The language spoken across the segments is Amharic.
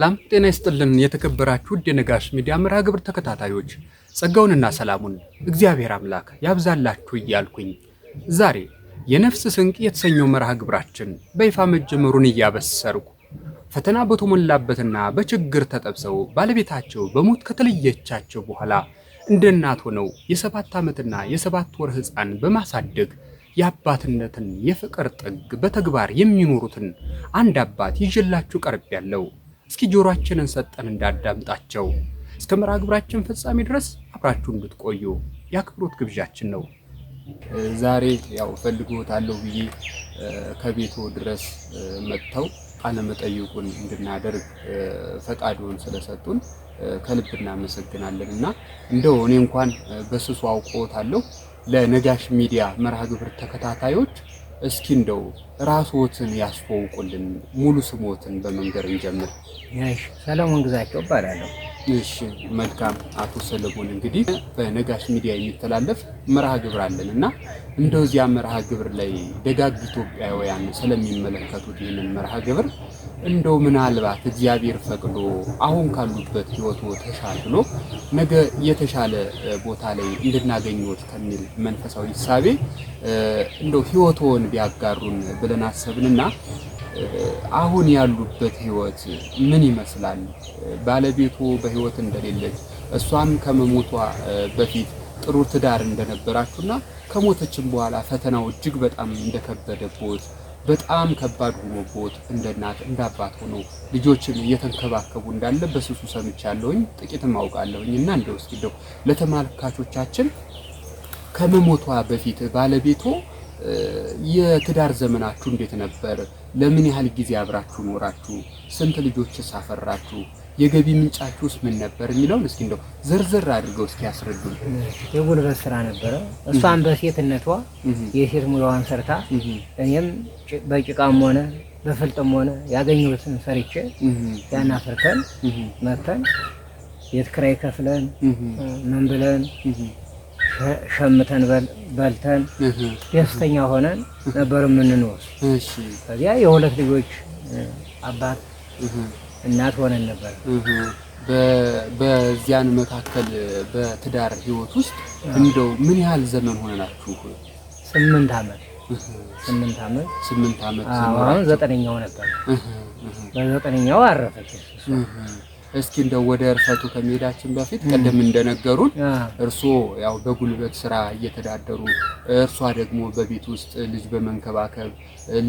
ሰላም ጤና ይስጥልን። የተከበራችሁ ውድ የነጋሽ ሚዲያ መርሃ ግብር ተከታታዮች ጸጋውንና ሰላሙን እግዚአብሔር አምላክ ያብዛላችሁ እያልኩኝ ዛሬ የነፍስ ስንቅ የተሰኘው መርሃ ግብራችን በይፋ መጀመሩን እያበሰርኩ ፈተና በተሞላበትና በችግር ተጠብሰው ባለቤታቸው በሞት ከተለየቻቸው በኋላ እንደ እናት ሆነው የሰባት ዓመትና የሰባት ወር ሕፃን በማሳደግ የአባትነትን የፍቅር ጥግ በተግባር የሚኖሩትን አንድ አባት ይዤላችሁ ቀርቤያለሁ። እስኪ ጆሮአችንን ሰጠን እንዳዳምጣቸው። እስከ መርሃ ግብራችን ፍጻሜ ድረስ አብራችሁ እንድትቆዩ የአክብሮት ግብዣችን ነው። ዛሬ ያው እፈልግዎታለሁ ብዬ ከቤቶ ድረስ መጥተው ቃለመጠይቁን እንድናደርግ ፈቃድዎን ስለሰጡን ከልብ እናመሰግናለን እና እንደው እኔ እንኳን በስሱ አውቀዎታለሁ ለነጋሽ ሚዲያ መርሃ ግብር ተከታታዮች እስኪ እንደው ራስዎትን ያስተዋውቁልን፣ ሙሉ ስሞትን በመንገር እንጀምር። እሺ፣ ሰለሞን ግዛቸው እባላለሁ። እሺ፣ መልካም አቶ ሰለሞን፣ እንግዲህ በነጋሽ ሚዲያ የሚተላለፍ መርሃ ግብር አለን እና እንደዚያ መርሃ ግብር ላይ ደጋግ ኢትዮጵያውያን ስለሚመለከቱት ይህንን መርሃ ግብር እንደው ምናልባት እግዚአብሔር ፈቅዶ አሁን ካሉበት ህይወቱ ተሻሽሎ ነገ የተሻለ ቦታ ላይ እንድናገኘት ከሚል መንፈሳዊ ሳቤ እንደው ህይወቶን ቢያጋሩን ብለን አሰብንና አሁን ያሉበት ህይወት ምን ይመስላል? ባለቤቱ በህይወት እንደሌለች እሷም ከመሞቷ በፊት ጥሩ ትዳር እንደነበራችሁና ከሞተችም በኋላ ፈተናው እጅግ በጣም እንደከበደቦት በጣም ከባድ ሆኖቦት እንደ እናት እንደ አባት ሆኖ ልጆችን እየተንከባከቡ እንዳለ በስሱ ሰምቻለሁኝ፣ ጥቂትም አውቃለሁኝ እና እንደ ውስጥ እንደው ለተመልካቾቻችን ከመሞቷ በፊት ባለቤቶ የትዳር ዘመናችሁ እንዴት ነበር? ለምን ያህል ጊዜ አብራችሁ ኖራችሁ? ስንት ልጆችስ አፈራችሁ? የገቢ ምንጫችሁ ውስጥ ምን ነበር የሚለውን እስኪ እንደው ዝርዝር አድርገው እስኪ ያስረዱ። የጉልበት ስራ ነበረ። እሷን በሴትነቷ የሴት ሙያዋን ሰርታ እኔም በጭቃም ሆነ በፍልጥም ሆነ ያገኘሁትን ሰርቼ ያን አፍርተን መተን የት ክራይ ከፍለን ምን ብለን ሸምተን በልተን ደስተኛ ሆነን ነበር የምንኖር። ከዚያ የሁለት ልጆች አባት እናት ሆነን ነበር። በዚያን መካከል በትዳር ህይወት ውስጥ እንደው ምን ያህል ዘመን ሆነናችሁ? ስምንት አመት ስምንት አመት ስምንት አመት አሁን ዘጠነኛው ነበር። በዘጠነኛው አረፈች። እስኪ እንደው ወደ እርፈቱ ከመሄዳችን በፊት ቀደም እንደነገሩን እርሶ ያው በጉልበት ስራ እየተዳደሩ እርሷ ደግሞ በቤት ውስጥ ልጅ በመንከባከብ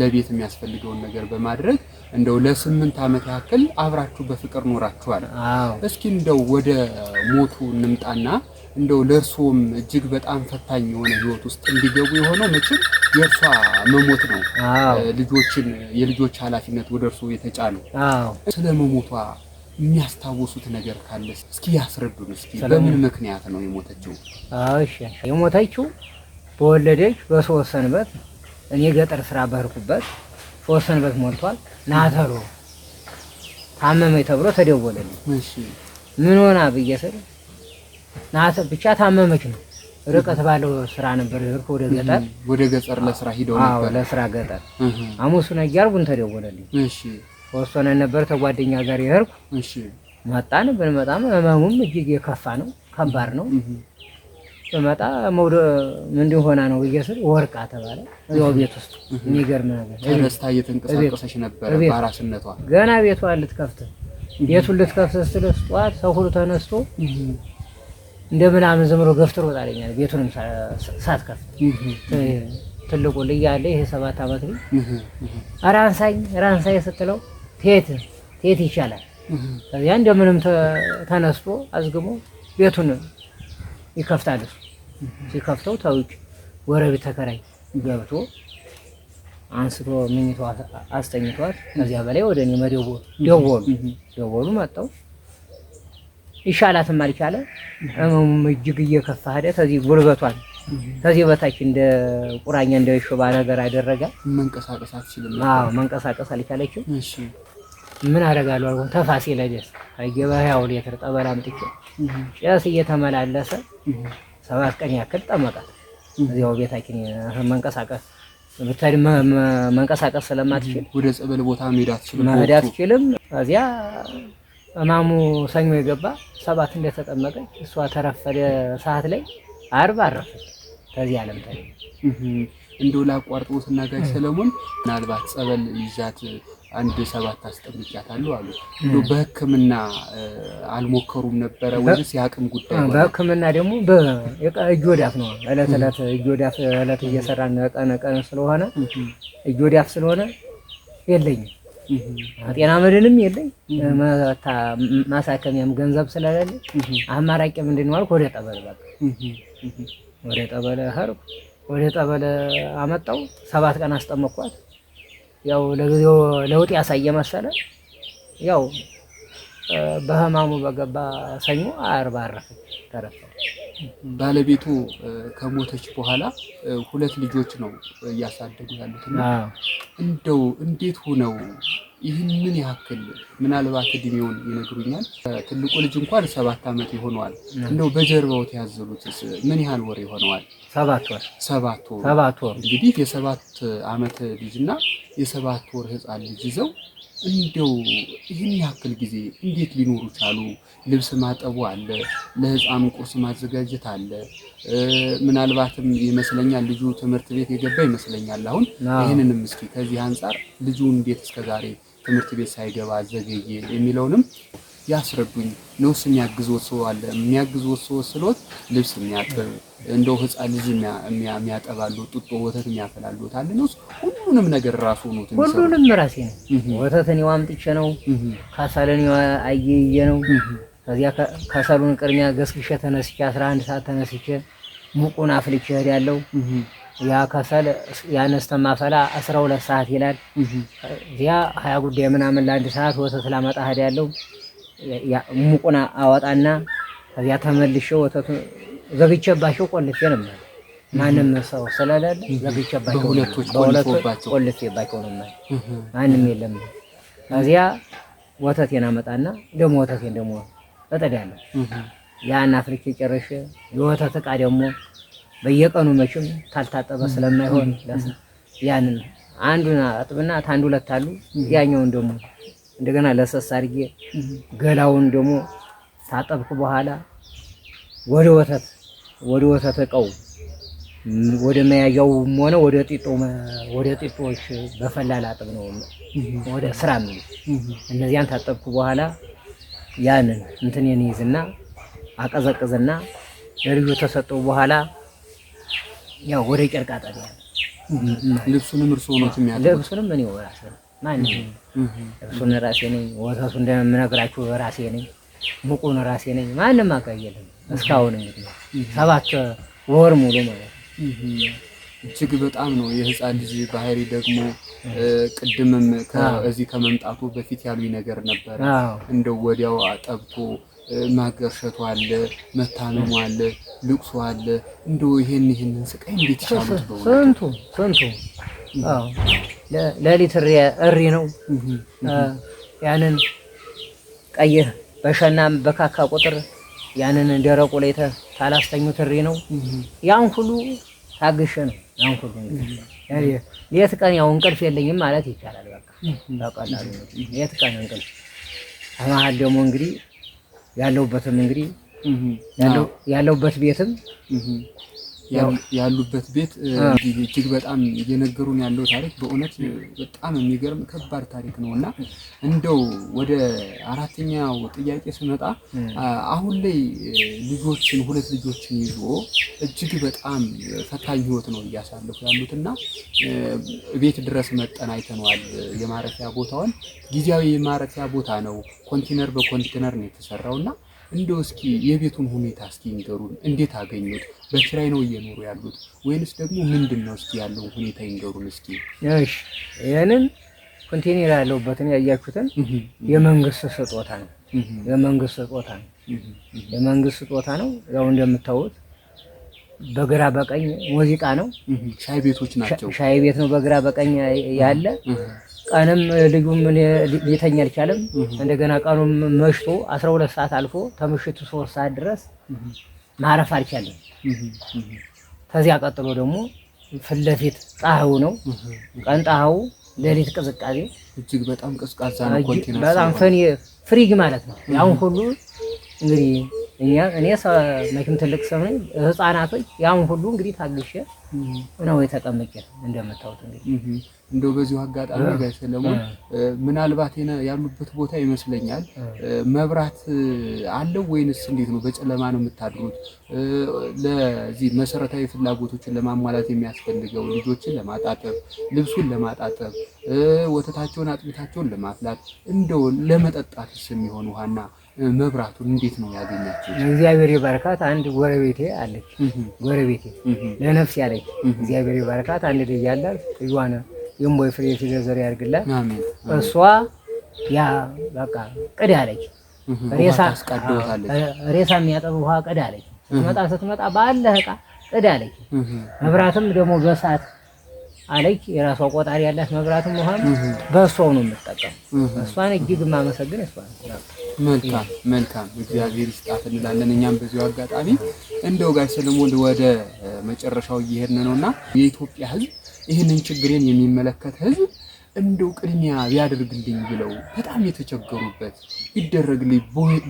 ለቤት የሚያስፈልገውን ነገር በማድረግ እንደው ለስምንት ዓመት ያክል አብራችሁ በፍቅር ኖራችኋል። እስኪ እንደው ወደ ሞቱ እንምጣና እንደው ለእርስዎም እጅግ በጣም ፈታኝ የሆነ ህይወት ውስጥ እንዲገቡ የሆነው መቼም የእርሷ መሞት ነው። ልጆችን የልጆች ኃላፊነት ወደ እርስዎ የተጫነው ስለ መሞቷ የሚያስታውሱት ነገር ካለ እስኪ ያስረዱን። እስኪ በምን ምክንያት ነው የሞተችው? እሺ የሞተችው በወለደች በሶስት ሰንበት እኔ ገጠር ስራ በርኩበት ወሰን በት ሞልቷል። ናተሮ ታመመኝ ተብሎ ተደወለልኝ። ምን ሆና ብዬ ስል ናተ ብቻ ታመመች ነው። ርቀት ባለው ስራ ነበር ይርኩ ወደ ገጠር ወደ ገጠር ለስራ ሂደው ነበር። አዎ ለስራ ገጠር አሙሱ ነኝ ያርጉን ተደወለልኝ። እሺ ወሰነ ነበር ተጓደኛ ጋር ይርኩ። እሺ መጣን። ብንመጣም ህመሙም እጅግ የከፋ ነው፣ ከባድ ነው። ስመጣ መውደ ምንድን ሆና ነው ብዬ ስል ወርቃ ተባለ። እዛው ቤት ውስጥ የሚገርም ነገር ተነስታ እየተንቀሳቀሰች ነበር በራስነቷ። ገና ቤቷ ልትከፍት ቤቱን ልትከፍት ስትል ጠዋት ሰው ሁሉ ተነስቶ እንደምናምን ዝም ብሎ ገፍትሮ ወጣለኛል። ቤቱንም ሳትከፍት ትልቁ ልጅ አለ ይሄ ሰባት ዓመት ልጅ ራንሳኝ ራንሳኝ ስትለው ቴት ቴት ይቻላል። ከዚያ እንደምንም ተነስቶ አዝግሞ ቤቱን ይከፍታል እሱ ሲከፍተው ተውጭ ወረቤት ተከራይ ገብቶ አንስቶ ምኝቷ አስተኝቷት ከዚያ በላይ ወደ እኔ መደወሉ ደወሉ ደወሉ መጣው ይሻላትም አልቻለ። እመሙም እጅግ እየከፋ ሄደ። ከዚህ ጉልበቷል ከዚህ በታች እንደ ቁራኛ እንደ ሽባ ነገር አደረጋ። መንቀሳቀስ አልችልም። አዎ መንቀሳቀስ አልቻለችም። እሺ ምን አደርጋለሁ አልኩኝ። ተፋሲ ለደስ አይገባ ያው ሊትር ጠበል አምጥቼ ጭስ እየተመላለሰ ሰባት ቀን ያክል ጠመቃት። እዚያው ቤታችን መንቀሳቀስ ብታይ መንቀሳቀስ ስለማትችል ወደ ጸበል ቦታ መሄድ አትችልም መሄድ አትችልም። እዚያ እማሙ ሰኞ የገባ ሰባት እንደተጠመቀች እሷ ተረፈደ ሰዓት ላይ አርብ አረፈች። ከዚህ ዓለም ታይ እንደው ላቋርጥቦትና ጋሽ ሰለሞን ምናልባት ጸበል ይዛት አንድ ሰባት አስጠምቂያታለሁ አሉ። በህክምና አልሞከሩም ነበረ ወይስ የአቅም ጉዳይ? በህክምና ደግሞ እጅ ወዳፍ ነው። እለት እለት እጅ ወዳፍ እለት እየሰራን ቀን ቀን ስለሆነ እጅ ወዳፍ ስለሆነ የለኝም፣ ጤና መድንም የለኝ፣ ማሳከሚያም ገንዘብ ስለሌለ አማራጭ ምንድን ነው አልኩ። ወደ ጠበል በቃ ወደ ጠበለ ሄድኩ። ወደ ጠበለ አመጣው ሰባት ቀን አስጠመቅኳት። ያው ለጊዜው ለውጥ ያሳየ መሰለ። ያው በህማሙ በገባ ሰኞ አርባ አረፈች። ተረፈው። ባለቤቱ ከሞተች በኋላ ሁለት ልጆች ነው እያሳደጉ ያሉት። እንደው እንዴት ሆነው ይህንን ያክል ምናልባት እድሜውን ይነግሩኛል? ትልቁ ልጅ እንኳን ሰባት ዓመት ይሆነዋል። እንደው በጀርባው የያዘሉትስ ምን ያህል ወር ይሆነዋል? ሰባት ወር ሰባት ወር ሰባት ወር እንግዲህ የሰባት ዓመት ልጅና የሰባት ወር ህፃን ልጅ ይዘው እንደው ይህን ያክል ጊዜ እንዴት ሊኖሩ ቻሉ? ልብስ ማጠቡ አለ፣ ለህፃኑ ቁርስ ማዘጋጀት አለ። ምናልባትም ይመስለኛል ልጁ ትምህርት ቤት የገባ ይመስለኛል። አሁን ይህንንም እስኪ ከዚህ አንጻር ልጁ እንዴት እስከዛሬ ትምህርት ቤት ሳይገባ ዘገየ የሚለውንም ያስረዱኝ። ነውስ የሚያግዞት ሰው አለ። የሚያግዞት ሰው ስሎት ልብስ የሚያጥብ እንደው ህፃን ልጅ የሚያጠባሉ ጡጦ ወተት የሚያፈላሉት አለ። ነውስ ሁሉንም ነገር ራሱ ነው። ሁሉንም ራሴ ነው። ወተት እኔው አምጥቼ ነው። ካሳል አየየ ነው። ከዚያ ከሰሉን ቅድሚያ ገስግሸ ተነስቼ 11 ሰዓት ተነስቼ ሙቁን አፍልቼ እሄዳለሁ። ያ ከሰል ያነስተ ማፈላ 12 ሰዓት ይላል። እዚያ ሀያ ጉዳይ ምናምን ለአንድ ሰዓት ወተት ላመጣ እሄዳለሁ። ሙቁን አወጣና ከዚያ ተመልሼ ወተቱን ዘግቼባቸው ቆልፌ ነበር። ማንም ሰው ስለሌለ ዘግቼባቸው በሁለቶች ቆልፌባቸው ነበር። ማንም የለም። ከዚያ ወተቴን አመጣና ደግሞ ወተቴን ደግሞ እጥዳለሁ። ያን አፍልቼ ጨርሼ የወተት ዕቃ ደግሞ በየቀኑ መቼም ታልታጠበ ስለማይሆን ያንን አንዱን አጥብና ታንዱ ለታሉ አሉ ያኛውን ደግሞ እንደገና ለሰስ አድርጌ ገላውን ደግሞ ታጠብኩ በኋላ ወደ ወተት ወደ ወተት እቃው ወደ መያዣውም ሆነ ወደ ጢጦ ወደ ጢጦዎች በፈላ ላጥብ ነው ወደ ስራ ምን እነዚያን ታጠብኩ በኋላ ያንን እንትኔን ይዝና አቀዘቅዝና ለልጁ ተሰጠው በኋላ ያው ወደ ጨርቃ ጠቢያ ልብሱንም እርሱ ነው የሚያጥብ ልብሱንም እኔ ወራስ ማን እሱን ራሴ ነኝ፣ ወተቱ እንደምነግራችሁ ራሴ ነኝ፣ ሙቁን ራሴ ነኝ። ማንም አቀየለም። እስካሁን እንግዲህ ሰባት ወር ሙሉ ማለት እጅግ በጣም ነው የህፃን ልጅ ባህሪ። ደግሞ ቅድምም እዚህ ከመምጣቱ በፊት ያሉኝ ነገር ነበር። እንደው ወዲያው አጠብቶ ማገርሸቱ አለ፣ መታመሙ አለ፣ ልቅሶ አለ። እንደው ይሄን ይሄንን ስቃይ እንዴት ይቻሉት? ስንቱ ስንቱ ለሊት እሪ ነው። ያንን ቀይህ በሸናም በካካ ቁጥር ያንን ደረቁ ላይ ታላስተኙ ትሪ ነው። ያን ሁሉ ታግሼ ነው። ያን ሁሉ ሌት ቀን ያው እንቅልፍ የለኝም ማለት ይቻላል። በቃ በቀላሉ ሌት ቀን እንቅልፍ ከመሀል ደግሞ እንግዲህ ያለሁበትም እንግዲህ ያለሁበት ቤትም ያሉበት ቤት እጅግ በጣም እየነገሩን ያለው ታሪክ በእውነት በጣም የሚገርም ከባድ ታሪክ ነው እና እንደው ወደ አራተኛው ጥያቄ ስመጣ አሁን ላይ ልጆችን ሁለት ልጆችን ይዞ እጅግ በጣም ፈታኝ ህይወት ነው እያሳለፉ ያሉት እና ቤት ድረስ መጠን አይተነዋል። የማረፊያ ቦታውን ጊዜያዊ የማረፊያ ቦታ ነው፣ ኮንቲነር በኮንቴነር ነው የተሰራው እና እንደው እስኪ የቤቱን ሁኔታ እስኪ ይንገሩን። እንዴት አገኙት? በኪራይ ነው እየኖሩ ያሉት ወይንስ ደግሞ ምንድን ነው? እስኪ ያለውን ሁኔታ ይንገሩን እስኪ። እሺ፣ ይህንን ኮንቴነር ያለሁበትን ያያችሁትን የመንግስት ስጦታ ነው። የመንግስት ስጦታ ነው። የመንግስት ስጦታ ነው። ያው እንደምታዩት በግራ በቀኝ ሙዚቃ ነው። ሻይ ቤቶች ናቸው። ሻይ ቤት ነው በግራ በቀኝ ያለ ቀንም ልጁም ሊተኛ አልቻለም። እንደገና ቀኑም መሽቶ አስራ ሁለት ሰዓት አልፎ ተምሽቱ ሶስት ሰዓት ድረስ ማረፍ አልቻለም። ከዚያ ቀጥሎ ደግሞ ፊት ለፊት ፀሐዩ ነው። ቀን ፀሐዩ፣ ሌሊት ቅዝቃዜ፣ እጅግ በጣም ቅዝቃዛ ነው። ኮንቲነር በጣም ፈኒ ፍሪጅ ማለት ነው። ያን ሁሉ እንግዲህ እኔ መቼም ትልቅ ሰው ነኝ። ህፃናቶች ያን ሁሉ እንግዲህ ታግሼ ነው የተቀመጨ እንደምታውቁት እንግዲህ እንደው በዚሁ አጋጣሚ ጋር ሰለሞን ምናልባት ያሉበት ቦታ ይመስለኛል መብራት አለው ወይንስ እንዴት ነው? በጨለማ ነው የምታድሩት? ለዚህ መሰረታዊ ፍላጎቶችን ለማሟላት የሚያስፈልገው ልጆችን ለማጣጠብ፣ ልብሱን ለማጣጠብ፣ ወተታቸውን አጥቢታቸውን ለማፍላት እንደው ለመጠጣትስ የሚሆን ውሃና መብራቱን እንዴት ነው ያገኛቸው? እግዚአብሔር ይባርካት። አንድ ጎረቤቴ አለች፣ ጎረቤቴ ለነፍስ ያለ ላይ እግዚአብሔር ይባርካት። አንድ ልጅ ያላት ልጇን የእምቦይ ፍሬ ዘር ያድርግላት። እሷ ያ በቃ ቅድ አለች፣ ሬሳ የሚያጠብ ውሃ ቅድ አለች። ስትመጣ ስትመጣ ባለ ዕቃ ቅድ አለች። መብራትም ደግሞ በሰዓት አለች። የራሷ ቆጣሪ ያላት መብራትም ውሃም በእሷው ነው የምትጠቀም። እሷን እጅግ የማመሰግን እሷን መልካም መልካም እግዚአብሔር ይስጣት እንላለን። እኛም በዚሁ አጋጣሚ እንደው ጋር ሰለሞን ወደ መጨረሻው እየሄድን ነውና የኢትዮጵያ ህዝብ ይህንን ችግሬን የሚመለከት ህዝብ እንደው ቅድሚያ ቢያደርግልኝ ብለው በጣም የተቸገሩበት ቢደረግልኝ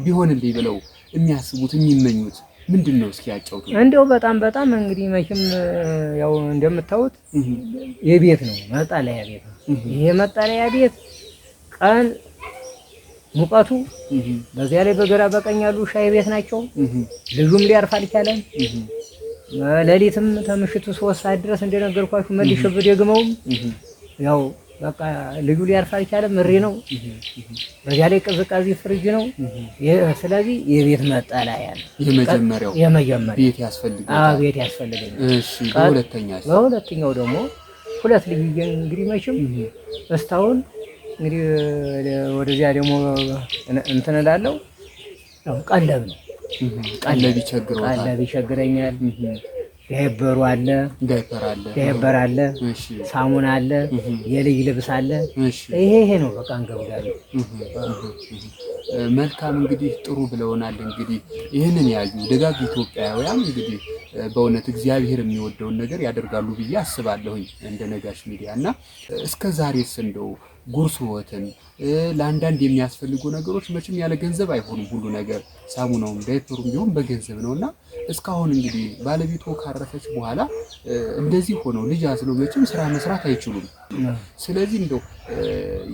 ቢሆንልኝ ብለው የሚያስቡት የሚመኙት ምንድን ነው? እስኪ ያጫውቱ። እንደው በጣም በጣም እንግዲህ መቼም ያው እንደምታዩት የቤት ነው መጠለያ ቤት ነው። ይሄ መጠለያ ቤት ቀን ሙቀቱ በዚያ ላይ በግራ በቀኝ ያሉ ሻይ ቤት ናቸው። ልጁም ሊያርፍ አልቻለም። ሌሊትም ተምሽቱ ሶስት ሰዓት ድረስ እንደነገርኳችሁ መልሼ ብደግመውም ያው በቃ ልጁ ሊያርፍ አልቻለም። ምሪ ነው፣ በዚያ ላይ ቅዝቃዜ ፍርጅ ነው። ስለዚህ የቤት መጠለያ ነው የመጀመሪያው የመጀመሪያው ቤት ያስፈልጋል። ቤት ያስፈልገኛል። እሺ፣ በሁለተኛ በሁለተኛው ደግሞ ሁለት ልጅ እንግዲህ መቼም እስካሁን እንግዲህ ወደዚያ ደግሞ እንትን እላለሁ ያው ቀለብ ነው ቀለብ ይቸግረዋል። ቀለብ ይቸግረኛል። አለ፣ አለ፣ ሳሙና አለ፣ የልጅ ልብስ አለ። ይሄ ይሄ ነው በቃ እንገብዳለን። መልካም እንግዲህ ጥሩ ብለውናል። እንግዲህ ይህንን ያዩ ደጋግ ኢትዮጵያውያን እንግዲህ በእውነት እግዚአብሔር የሚወደውን ነገር ያደርጋሉ ብዬ አስባለሁኝ እንደ ነጋሽ ሚዲያ እና እስከ ዛሬስ እንደው ጉርስዎትን ለአንዳንድ የሚያስፈልጉ ነገሮች መቼም ያለ ገንዘብ አይሆኑም። ሁሉ ነገር ሳሙናውም ዳይፐሩም ቢሆን በገንዘብ ነው እና እስካሁን እንግዲህ ባለቤቶ ካረፈች በኋላ እንደዚህ ሆነው ልጅ አዝለው መቼም ስራ መስራት አይችሉም። ስለዚህ እንደው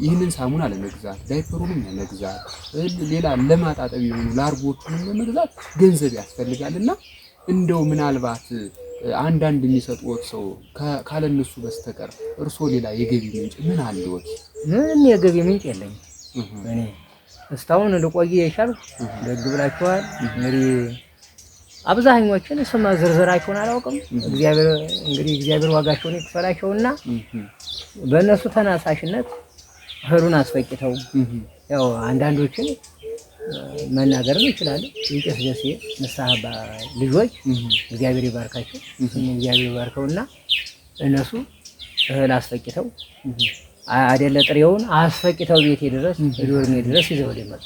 ይህንን ሳሙና ለመግዛት ዳይፐሩንም ለመግዛት ሌላ ለማጣጠብ የሆኑ ላርጎቹንም ለመግዛት ገንዘብ ያስፈልጋል እና እንደው ምናልባት አንዳንድ የሚሰጡት ሰው ካለነሱ በስተቀር እርሶ ሌላ የገቢ ምንጭ ምን አለዎት? ምንም የገቢ ምንጭ የለኝ። እኔ እስታሁን ልቆይ የቻልኩ ደግ ብላችኋል። መሪ አብዛኞችን ስም ዝርዝራቸውን አላውቅም። እግዚአብሔር እንግዲህ እግዚአብሔር ዋጋቸውን ይክፈላቸውና በእነሱ ተናሳሽነት እህሉን አስፈጭተው ያው አንዳንዶችን መናገርም እችላለሁ። የቄስ ደሴ ንስሐ ልጆች እግዚአብሔር ይባርካቸው። እግዚአብሔር ይባርከውና እነሱ እህል አስፈጭተው አደለ ጥሬውን አስፈጭተው ቤቴ ድረስ ዶርሜ ድረስ ይዘው ሊመጡ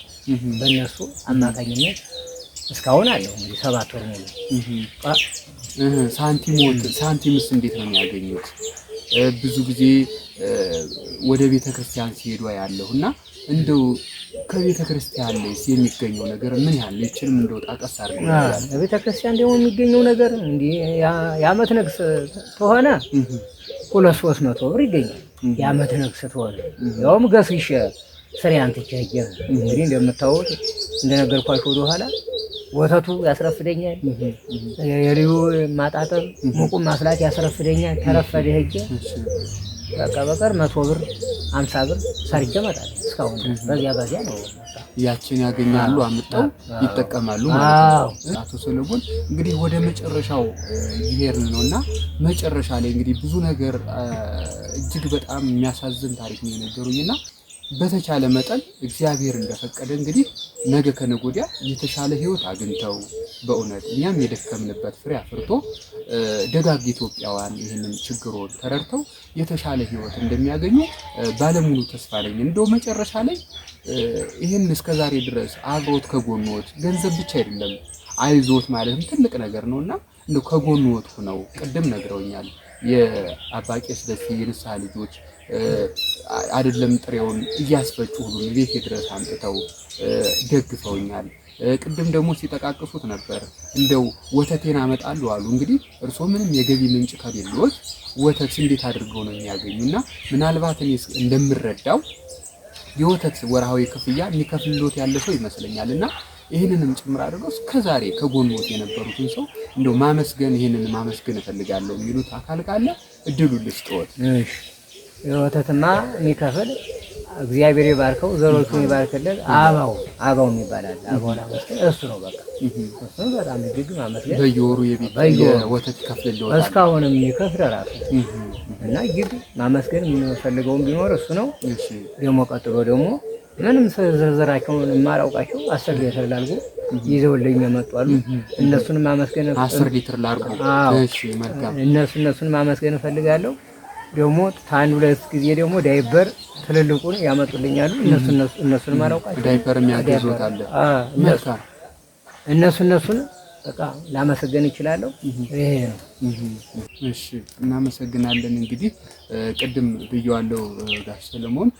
በእነሱ አማካኝነት እስካሁን አለው እንግዲህ ሰባት ወር ነው። ሳንቲሞት ሳንቲምስ እንዴት ነው የሚያገኙት? ብዙ ጊዜ ወደ ቤተ ክርስቲያን ሲሄዱ ያለሁ እና እንደው ከቤተ ክርስቲያን ላይ የሚገኘው ነገር ምን ያህል ይችል ምን እንደወጣ ቀስ አድርገን ከቤተ ክርስቲያን ደግሞ የሚገኘው ነገር እንዲህ የዓመት ነግስ ተሆነ ሁለት ሶስት መቶ ብር ይገኛል። የዓመት ነግስ ተሆነ ያውም ገስሽ ስሪያን ትቻየ እንግዲህ እንደምታወቅ እንደነገርኳችሁ ወደኋላ ወተቱ ያስረፍደኛል፣ የልዩ ማጣጠም ሙቁ ማስላት ያስረፍደኛል። ተረፈደ ሄጄ በቃ በቀር መቶ ብር አምሳ ብር ሰርጀ መጣል እስካሁን በዚያ በዚያ ነው። ያችን ያገኛሉ አምጠው ይጠቀማሉ ማለት ነው። አቶ ሰለሞን እንግዲህ ወደ መጨረሻው ይሄር ነው እና መጨረሻ ላይ እንግዲህ ብዙ ነገር እጅግ በጣም የሚያሳዝን ታሪክ ነው የነገሩኝ እና በተቻለ መጠን እግዚአብሔር እንደፈቀደ እንግዲህ ነገ ከነጎዲያ የተሻለ ህይወት አግኝተው በእውነት እኛም የደከምንበት ፍሬ አፍርቶ ደጋግ ኢትዮጵያውያን ይህንን ችግሮን ተረድተው የተሻለ ህይወት እንደሚያገኙ ባለሙሉ ተስፋ ነኝ። እንደው መጨረሻ ላይ ይህን እስከዛሬ ድረስ አብሮት ከጎኖት ገንዘብ ብቻ አይደለም አይዞት ማለትም ትልቅ ነገር ነው እና እንደው ከጎንዎት ሁነው ቅድም ነግረውኛል የአባቄ ስደት የንስሐ ልጆች አይደለም ጥሬውን እያስፈጩ ሁሉ ቤት ድረስ አምጥተው ደግፈውኛል። ቅድም ደግሞ ሲጠቃቅሱት ነበር እንደው ወተቴን አመጣሉ አሉ። እንግዲህ እርስዎ ምንም የገቢ ምንጭ ከሌሎት ወተት እንዴት አድርገው ነው የሚያገኙና ምናልባት እኔ እንደምረዳው የወተት ወርሃዊ ክፍያ የሚከፍልሎት ያለ ሰው ይመስለኛል እና ይህንንም ጭምር አድርገው እስከዛሬ ከጎንዎት የነበሩትን ሰው እንደው ማመስገን ይህንን ማመስገን እፈልጋለሁ የሚሉት አካል ካለ እድሉ ልስጥዎት። የወተትማ የሚከፍል እግዚአብሔር ይባርከው፣ ዘሮቹ ይባርክልን። አባው አባው ይባላል። አባው እሱ ነው በቃ እሱ በጣም እጅግ ማመስገን በየወሩ ወተት ይከፍልል እስካሁንም የሚከፍል ራሱ እና እጅግ ማመስገን የምንፈልገውን ቢኖር እሱ ነው። ደግሞ ቀጥሎ ደግሞ ምንም ዝርዝራቸውን የማላውቃቸው አስር ሊትር ላርጎ ይዘውልኝ የመጡ አሉ። እነሱን ማመስገን አስር ሊትር ላርጎ እነሱ እነሱን ማመስገን እፈልጋለሁ። ደግሞ ከአንድ ሁለት ጊዜ ደግሞ ዳይበር ትልልቁን ያመጡልኛሉ። እነሱ እነሱ እነሱን ማላውቃቸው ዳይበር የሚያገዙት እነሱ እነሱን በቃ ላመሰገን እችላለሁ። ይሄ ነው። እሺ፣ እናመሰግናለን። እንግዲህ ቅድም ብየዋለሁ ጋሽ ሰለሞን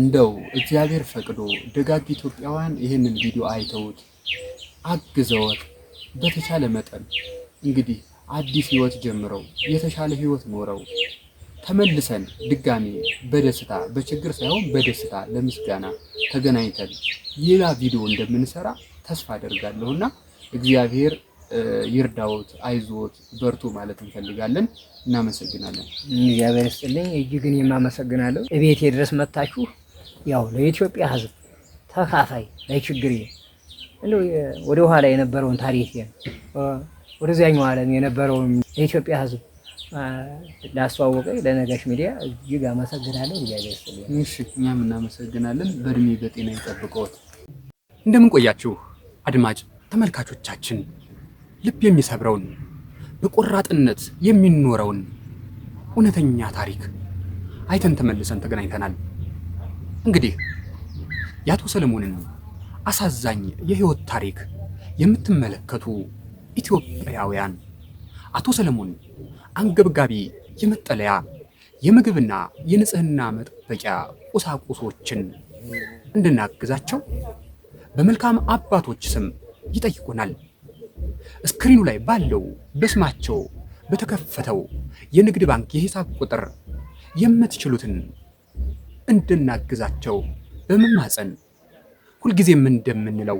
እንደው እግዚአብሔር ፈቅዶ ደጋግ ኢትዮጵያውያን ይህንን ቪዲዮ አይተውት አግዘውት በተቻለ መጠን እንግዲህ አዲስ ህይወት ጀምረው የተሻለ ህይወት ኖረው ተመልሰን ድጋሜ በደስታ በችግር ሳይሆን በደስታ ለምስጋና ተገናኝተን ሌላ ቪዲዮ እንደምንሰራ ተስፋ እና እግዚአብሔር ይርዳዎት፣ አይዞት፣ በርቱ ማለት እንፈልጋለን። እናመሰግናለን። እግዚአብሔር ይስጥልኝ። እጅግን የማመሰግናለሁ። እቤቴ ድረስ መታችሁ ያው ለኢትዮጵያ ሕዝብ ተካፋይ ለችግሬ እንደው ወደ ኋላ የነበረውን ታሪክ ወደዚያኛው ዓለም የነበረውን ለኢትዮጵያ ሕዝብ ላስተዋወቀኝ ለነጋሽ ሚዲያ እጅግ አመሰግናለሁ። እሺ፣ እኛም እናመሰግናለን። በእድሜ በጤና ይጠብቀዎት። እንደምን ቆያችሁ አድማጭ ተመልካቾቻችን። ልብ የሚሰብረውን በቆራጥነት የሚኖረውን እውነተኛ ታሪክ አይተን ተመልሰን ተገናኝተናል። እንግዲህ የአቶ ሰለሞንን አሳዛኝ የህይወት ታሪክ የምትመለከቱ ኢትዮጵያውያን አቶ ሰለሞን አንገብጋቢ የመጠለያ የምግብና የንጽህና መጠበቂያ ቁሳቁሶችን እንድናግዛቸው በመልካም አባቶች ስም ይጠይቁናል። ስክሪኑ ላይ ባለው በስማቸው በተከፈተው የንግድ ባንክ የሂሳብ ቁጥር የምትችሉትን እንድናግዛቸው በመማፀን ሁልጊዜም እንደምንለው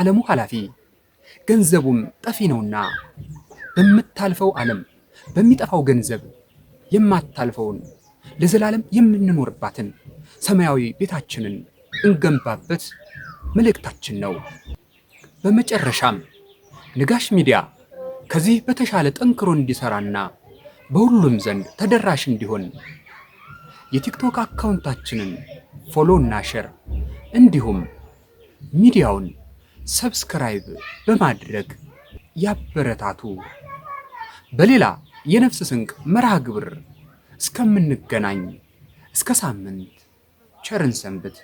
ዓለሙ ኃላፊ ገንዘቡም ጠፊ ነውና በምታልፈው ዓለም በሚጠፋው ገንዘብ የማታልፈውን ለዘላለም የምንኖርባትን ሰማያዊ ቤታችንን እንገንባበት መልእክታችን ነው። በመጨረሻም ነጋሽ ሚዲያ ከዚህ በተሻለ ጠንክሮ እንዲሰራና በሁሉም ዘንድ ተደራሽ እንዲሆን የቲክቶክ አካውንታችንን ፎሎ እና ሼር እንዲሁም ሚዲያውን ሰብስክራይብ በማድረግ ያበረታቱ። በሌላ የነፍስ ስንቅ መርሃ ግብር እስከምንገናኝ እስከ ሳምንት ቸርን ሰንብት።